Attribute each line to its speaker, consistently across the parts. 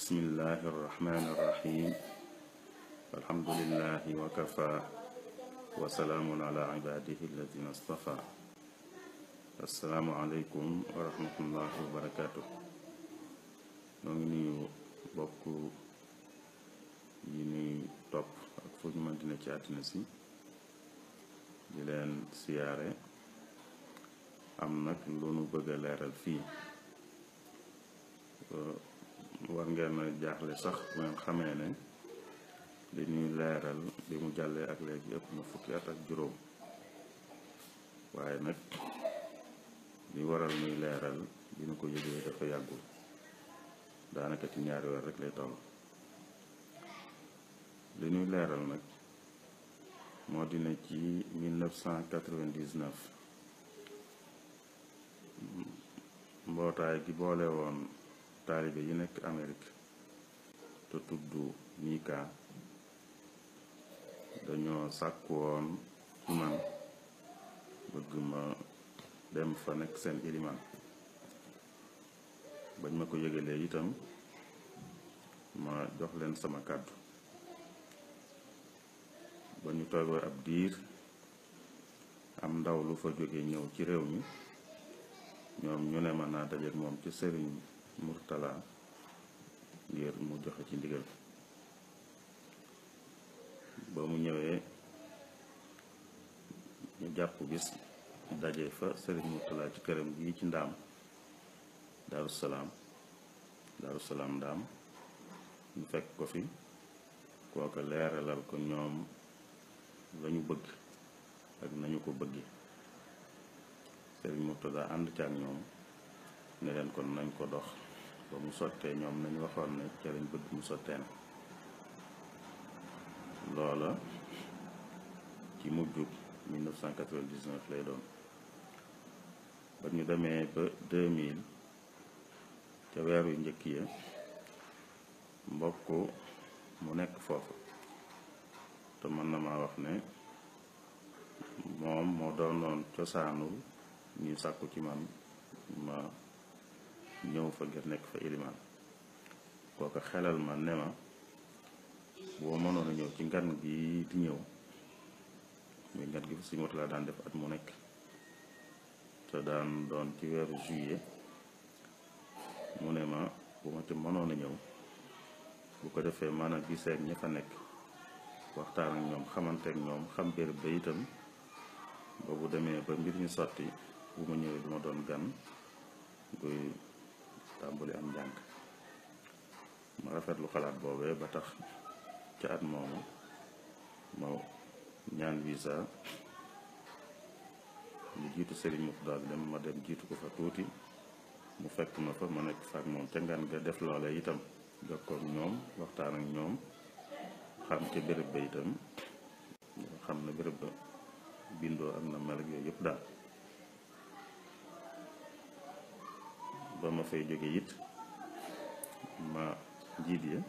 Speaker 1: bismillahi arrahmani irrahim alhamdulilahi wakafa ala ibadihi alladina stafa assalaamu aleykum wa rahmatullahi wa barakatuh noo bokk yi nuy topp ak fu ñu mën dina ci si di leen siyaare am nag lu nu bëgg leeral fii war ngeen a jaaxle sax bu ngeen xamee ne li ñuy leeral li mu jàllee ak léegi ëpp na fukki at ak juróom waaye nag li waral muy leeral bi ñu ko yëgee dafa yàggul daanaka ci ñaari weer rek lay toll li ñuy leeral nag moo di ne ci 1999 mbootaay gi boole woon taalibe yi nekk Amérique te tudd Mika dañoo sàkku woon ci man bëgg ma dem fa nekk seen iliman bañ ma ko yëgalee itam ma jox leen sama kàddu ba ñu toogee ab diir am ndaw lu fa jóge ñëw ci réew mi ñoom ñu ne ma naa dajeek moom ci sëriñ murtala ngir mu joxe ci ndigal ba mu ñëwee ñu jàpp bis daje fa sëriñ murtala ci këram gii ci ndaam daaru salaam daaru salaam ndaam ñu fekk ko fi kooka leeralal ko ñoom lañu bëgg ak nañu ko bëgge sëriñ murtala ànd ca ñoom neleen kon nañ ko dox ba mu sottee ñoom nañ waxoon ne ca lañ bëgg mu sottee na loola ci mujjub lay doon ba ñu demee ba 2000 ca weer yu njëkk ya mbokk mu nekk foofu te mën na maa wax ne moom moo doonoon cosaanul ñu sàkku ci man ma ñëw fa ngir nekk fa ilimaan kooka xelal ma ne ma boo mënoon a ñëw ci ngan gi di ñëw muy ngan gi fa suñu watu daan def at mu nekk te daan doon ci weeru juillet mu ne ma bu ma ci mënoon a ñëw bu ko defee maanaam gisee ak ña fa nekk waxtaan ak ñoom xamante ñoom xam béréb ba itam boobu demee ba mbir ñu sotti bu ma ñëwee du doon gan tàmbali am njàng ma lu xalaat boobee ba tax ca at moomu ma ñaan visa lu jiitu Serigne Mourtada dem ma dem jiitu ko fa tuuti mu fekk ma fa ma nekk fa moom ca ngan ga def loole itam jokkoog ñoom waxtaan ak ñoom xam ca béréb ba itam xam na béréb ba bindoo am na mel ak yooyu yëpp daal ba ma fay joge yit ma njiit ya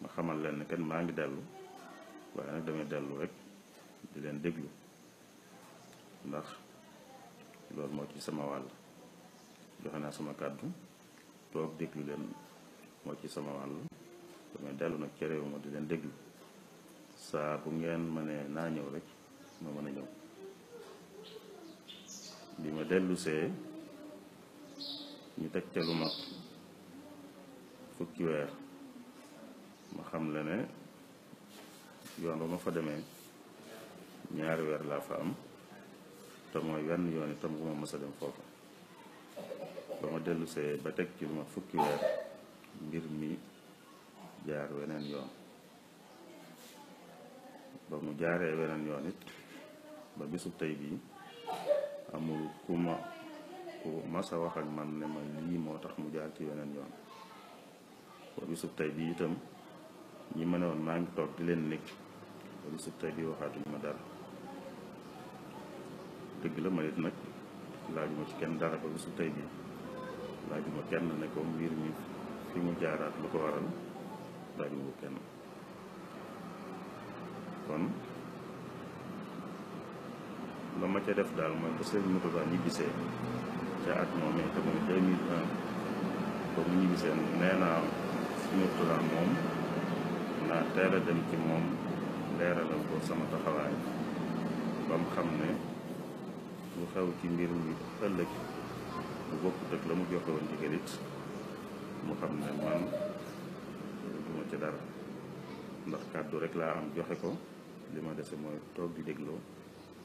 Speaker 1: ma xamal len ken ma ngi delu way nak dama delu rek di len deglu ndax lool mo ci sama wal joxana sama kaddu tok deglu len mo ci sama wal dama delu nak ci rew mo di len deglu sa bu ngeen mané na ñew rek ma mëna ñew ñëw bi ma ñu teg ca lu mag fukki weer ma xam la ne yoon ba ma fa demee ñaari weer laa fa am te mooy wenn yoon tam bu ma mës a dem foofu ba ma dellusee ba teg ci lu mag fukki weer mbir mi jaar weneen yoon ba mu jaaree weneen yoon it ba bisu tey bii amul kuma ku mas wax ak man ne ma lii moo tax mu jaar ci weneen yoon ba bisub tey bii itam ñi ma ne woon maa ngi toog di leen nekk ba bisub tey bi waxaatuñ ma dara dëgg la ma it nag laajuma ci kenn dara ba bisub tey bi laajuma kenn ne ko mbir mi fi mu jaaraat ko waral laajuma ko kenn kon la ma ca def daal mooy ba sëriñ Mountakha ñibbisee ca at moomee te mooy 2001 uh, ba mu ñibbisee nee naa suñu plan moom naa teel dem ci moom leeralal ko sama taxawaay ba xam ne lu xew ci mbir mi ëllëg bu bokkut la mu joxe woon mu xam ne man duma ci dara ndax kàddu rek laa am joxe ko li ma dese mooy toog di dégloo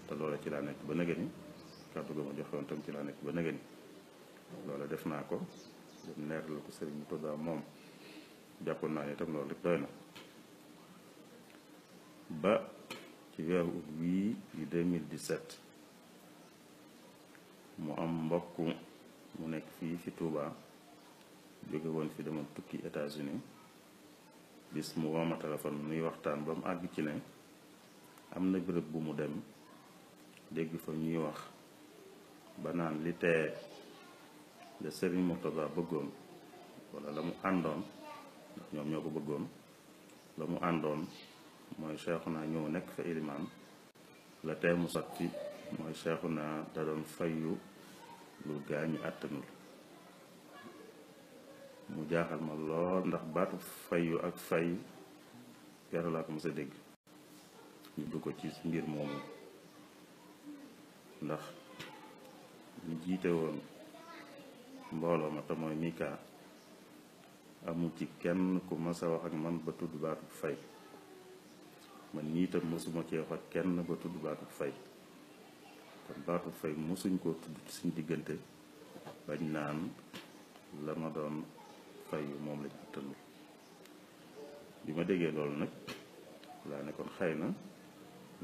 Speaker 1: te loola ci laa nekk ba nëgëni kàddu ga ma joxoon tam ci laa nekk ba nëgëni loola def naa ko dem leer la ko sëriñ moom jàppoon naa ne tam loolu na ba ci weeru ut wii di mu am mbokk mu nekk fii fi Touba jóge woon fi demoon tukki états bis mu woo ma téléphone nuy waxtaan ba mu àgg ci ne am na bërëb bu mu dem dégg fa ñuy wax ba naan li tee le Serigne Mourtada bëggoon wala la mu àndoon ndax ñoom ñoo ko bëggoon la mu àndoon mooy seexu naa ñëw nekk fa ilimaan la tee mu sotti mooy seexu naa da doon fayu lu gaañu àttanul mu jaaxal ma lool ndax baatu fayu ak fay yàlla laa ko mos a dégg ñu du ko ci mbir moomu ndax mi jiite woon mbooloo ma te mooy Mika ci kenn ku ma a wax ak man ba tudd baatu fay man nii tam mosuma cee wax ak kenn ba tudd baatu fay kon baatu fay mosuñ koo tudd ci suñ diggante bañ naan la ma doon fay moom lañ attanu bi ma déggee loolu nag laa ne kon xëy na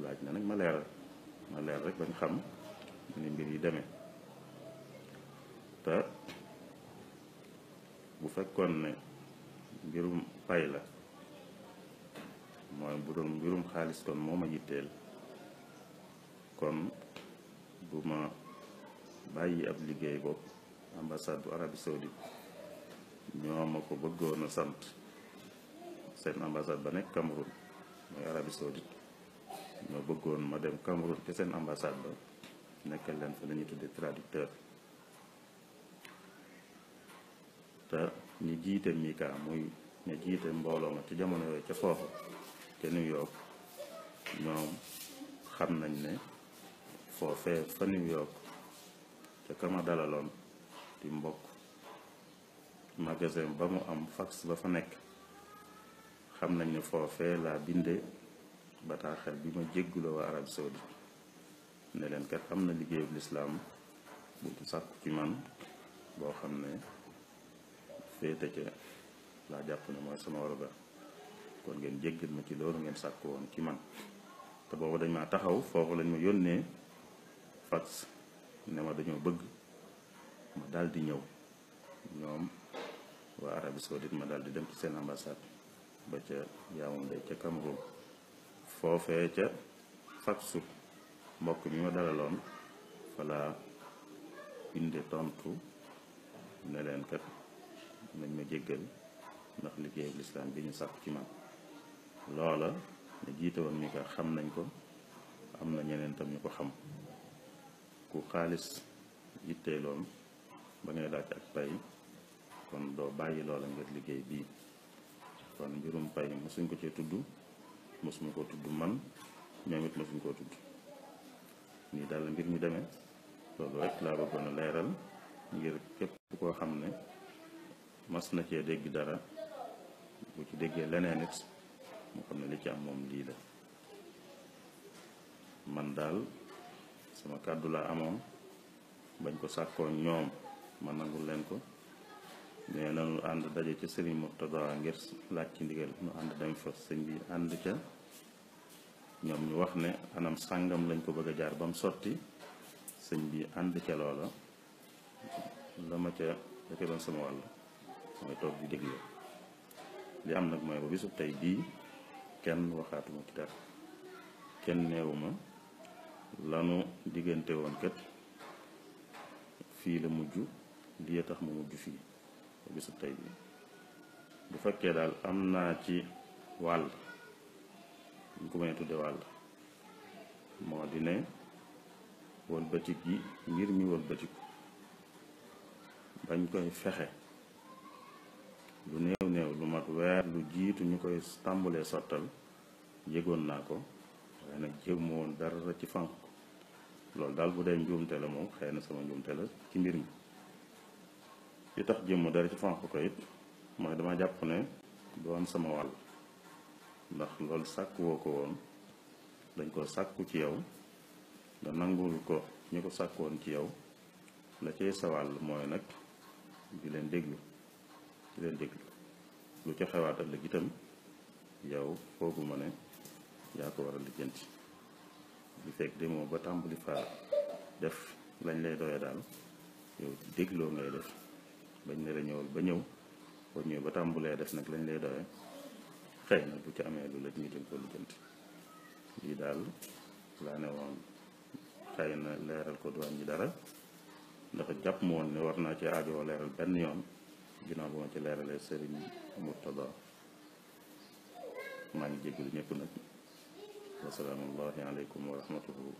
Speaker 1: laaj na nag ma leeral ma leer rek bañ xam mu ne mbir yi demee te bu fekkoon ne mbirum pay la mooy bu doon mbirum xaalis kon moo ma yitteel kon du ma bàyyi ab liggéey boobu ambassade bu Arabie Saoudite ñoo ma ko bëggoon sant seen ambassade ba nekk Cameroun mooy Arabie Saoudite ñoo bëggoon ma dem Cameroun ke seen ambassade ba nekkal leen fa la ñuy tuddee te ñu jiite mika muy ñu jiite mbooloo ma ci jamono yooyu ca foofu ca New York ñoom xam nañ ne foofee fa New York ca kama dalaloon di mbokk magasin ba mu am fax ba fa nekk xam nañ ne foofee laa binde bataaxel bi ma jégguloo waa Arabie Saoudite ne kat am na liggéeyu lislaam bu sàkku ci man boo xam ne féete ca laa jàpp ne mooy sama warugar kon ngeen jéggal ma ci loolu ngeen sàkk woon ci man te boobu dañ ma taxaw foofu lañ ma yónnee fax ne ma dañoo bëgg ma daal di ñëw ñoom waa Arabie Saoudite ma daal di dem ci seen ambassade ba ca yaamum day ca Cameroun foofee ca faxu mbokk mi ma dalaloon fa laa binde tontu ne leen kat nañ ma jéggal ndax liggéey bu lislaam bi ñu sàkk ci man loola ñu jiite woon ñi ko xam nañ ko am na ñeneen tam ñu ko xam ku xaalis yittee loon ba ngay laaj ak pay kon doo bàyyi loola ngir liggéey bii kon mbirum pay mosuñ ko cee tudd mosuñ koo tudd man ñoom it mosuñ koo tudd nii daal mbir mi demee loolu rek laa bëggoon a leeral ngir képp koo xam ne mas na cee dara bu ci degge leneen nit mo xamne li ci am mom li la man dal sama kaddu la amon bañ ko sakko ñom man nangul len ko mais nanu and daje ci serigne Murtada ngir lacc ci ndigal nu and dem fa serigne bi and ca ñom ñu wax ne anam sangam lañ ko bëgg jaar bam sorti sotti bi and ca lolo lama ca da sama walu mooy toog di déglu li am nag mooy ba bisub tey bii kenn waxaatuma ci dara kenn neewuma lanu diggante woon kat fii la mujj lii tax mu mujj fii ba bisub tey bii bu fekkee daal am naa ci wàll duñ ko may tudde wàll moo di ne wëlbatik yi ngir mi wëlbatiku bañ koy fexe lu néew néew lu mat weer lu jiitu ñu koy tàmbalee sottal yëgoon naa ko waaye nag jéem woon dara ci fànk loolu daal bu dee njuumte la moom xëy na sama njuumte la ci mbir mi li tax jéem dara ci fànk ko it mooy dama jàpp ne doon sama wàll ndax lool sàkk woo ko woon dañ ko sàkku ci yow nga nangul ko ñu ko sàkkoon ci yow la cay sa wàll mooy nag di leen déglu di leen déglu lu ca xewaat ëllëg itam yow foogu ma ne yaa ko war a lijjanti bu fekk demoo ba tàmbali faa def lañ lay doye daal yow dégloo ngay def bañ ne la ñëwal ba ñëw boo ñëw ba tàmbulee def nag lañ lay doye xëy na bu ci amee lu la ñu jëm ko lijjanti lii daal laa ne woon xëy na leeral ko duwaan ñi dara ndax jàpp moon ne war naa ci aajoo leeral benn yoon ginnaaw bu ma ci leeralee sëriñ Murtada maa ngi jégalu ñëpp nag wasalaamullahi aleykum wa rahmatuhu